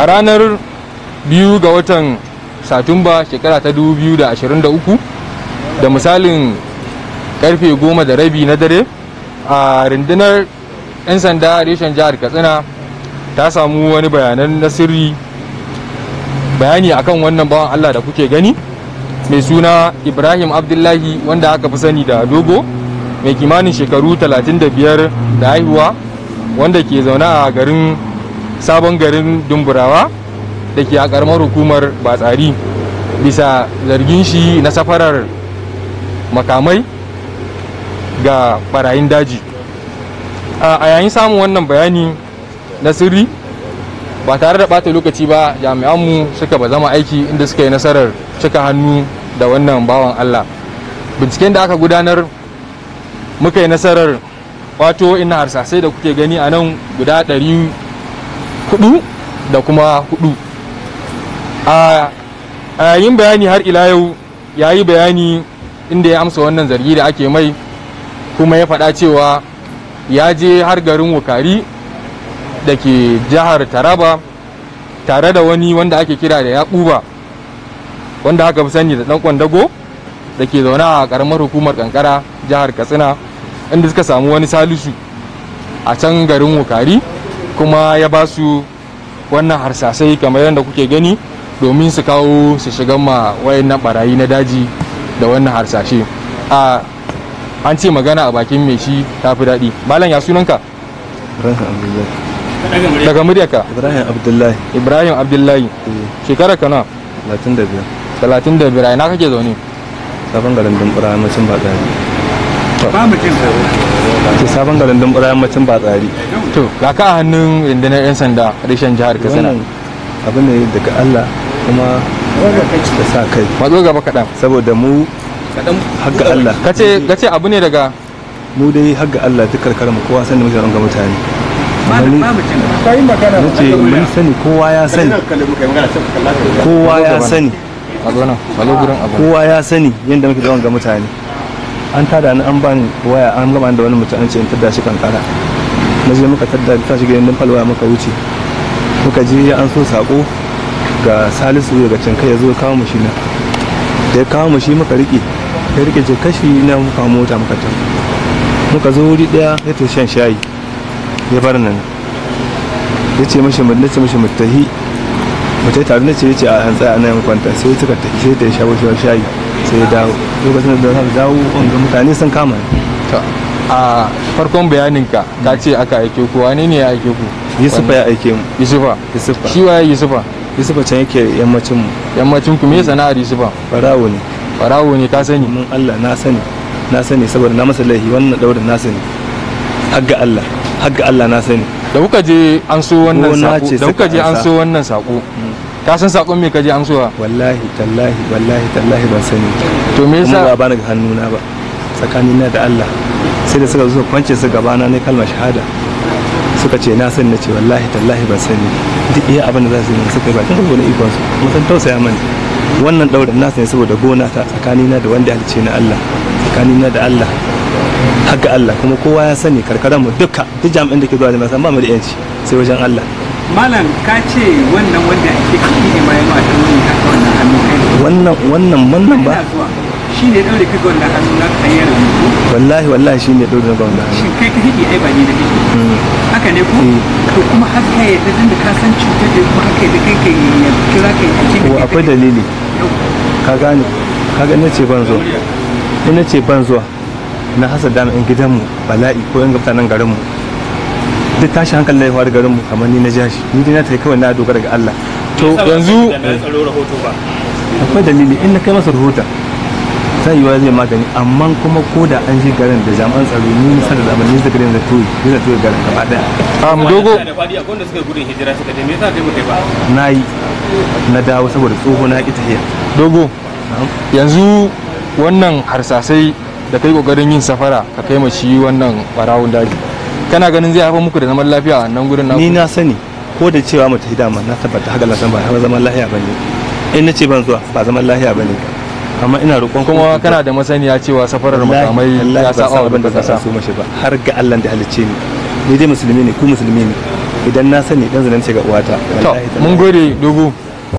a ranar biyu ga watan satumba shekara ta 2023 da misalin karfe goma da rabi na dare a rundunar 'yan sanda reshen jihar katsina ta samu wani bayanan na sirri bayani akan wannan bawan allah da kuke gani mai suna ibrahim abdullahi wanda aka fi sani da dogo mai kimanin shekaru 35 da haihuwa wanda ke zaune a garin sabon garin dumburawa da ke a karamar hukumar batsari bisa zargin shi na safarar makamai ga barayin daji a yayin samun wannan bayani na sirri ba tare da bata lokaci ba jami'anmu suka ba zama aiki inda suka yi nasarar cika hannu da wannan bawan allah binciken da aka gudanar muka yi nasarar wato ina harsasai da kuke gani a nan guda ɗari hudu da kuma hudu a yayin bayani har ila yau ya yi bayani inda ya amsa wannan zargi da ake mai kuma ya faɗa cewa ya je har garin wukari da ke jihar taraba tare da wani wanda ake kira da yakuba wanda aka fi sani da dan kwandago da ke zaune a karamar hukumar ƙanƙara jihar katsina inda suka samu wani salisu a can garin wukari kuma ya ba su wannan harsasai kamar yadda kuke gani domin su kawo su shiga ma na barayi na daji da wannan harsashe a an ce magana a bakin mai shi ta fi daɗi malam ya sunanka daga muryarka ibrahim abdullahi ibrahim abdullahi shekara kana 35 35 na kake zaune sabon garin dumbura mutum ba gari ba mu jin tsoro ke sabon garin dumbura yammacin ba tsari to ga ka a hannun rundunar yan sanda reshen jihar katsina abin ne daga allah kuma da sa kai matso gaba kaɗan saboda mu haga allah kace abu ne daga mu dai haga allah duk karkar mu kowa san da muke ga mutane nace mun sani kowa ya sani kowa ya sani kowa ya sani yadda muke zaune ga mutane an tada ni an ban waya an gama da wani mutum an ce in tada shi kankara na je muka tada ta shi gidan falwaya muka wuce muka je an so sako ga salisu daga can kai ya zo kawo mu shi na da ya kawo mu shi muka rike ya rike ce kashi na muka mota muka can muka zo wuri daya ya ta shan shayi ya bar nan ya ce mashi mu ce mashi mutahi mutai tare ce ya ce a hantsa a nan kwanta sai suka tafi sai ta ya shawo shayi sai dawo lokacin da zaka dawo wanda mutane sun kama a farkon bayaninka ka ce aka aike ku wani ne ya aike ku yusufa ya aike mu yusufa yusufa shi waye yusufa yusufa can yake yammacin mu yammacin ku me sana'ar yusufa farawo ne farawo ne ka sani mun Allah na sani na sani saboda na masa laifi wannan daurin na sani hagga Allah hagga Allah na sani da kuka je an so wannan sako da kuka je an so wannan sako mm. ka san sakon me kaje amsowa wallahi tallahi wallahi tallahi ban sani to me yasa ba bani ga hannuna ba na da Allah sai da suka zo kwance su gabana ne kalmar shahada suka ce na san ce wallahi tallahi ban sani duk iya abin da za su yi suka yi bakin gona ikon su kuma san tausaya mani wannan daurin na sani saboda gona ta na da wanda halice na Allah na da Allah haka Allah kuma kowa ya sani karkaran mu duka duk jami'an da ke zuwa da masan ba mu da yanci sai wajen Allah malam ka ce wannan wanda ake kaki ne ma yana da wani kawo na hannu kai wannan wannan wannan ba shi ne ɗaure ka gwanda hannu na kayyar rubutu wallahi wallahi shi ne na gwanda hannu shi kai ka hidi ai ba ni da kake hmm. haka ne ko hmm. to kuma har ka yadda tunda ka san cutar da kuma haka da kai yi kira kai a cikin akwai dalili ka gane ka gane ce ban zuwa ina ce ban zuwa na hasa dama in gidanmu bala'i ko in gabta nan garinmu duk tashin hankalin ya faru garin mu kamar ni na jashi ni dai na tafi kawai na dogara ga Allah to yanzu akwai dalili in na kai masa rahoton sai yiwa zai magani amma kuma ko da an je garin da jami'an tsaro ni nisa da zamani da garin da toyi da toyi garin gaba daya am dogo na yi na dawo saboda tsoho na ki tafiya dogo yanzu wannan harsasai da kai kokarin yin safara ka kai ma shi wannan barawun daji kana ganin zai haifar muku da zaman lafiya a nan gurin ni na sani ko da cewa mu tafi dama na tabbata haka lasan ba zaman lafiya bane in na ce ban zuwa ba zaman lafiya bane amma ina roƙon kuma kana da masaniya cewa safarar makamai ya saba abin da ka sa ba har ga Allah da halicce ni ni dai musulmi ne ku musulmi ne idan na sani dan ce ga uwata to mun gode dogo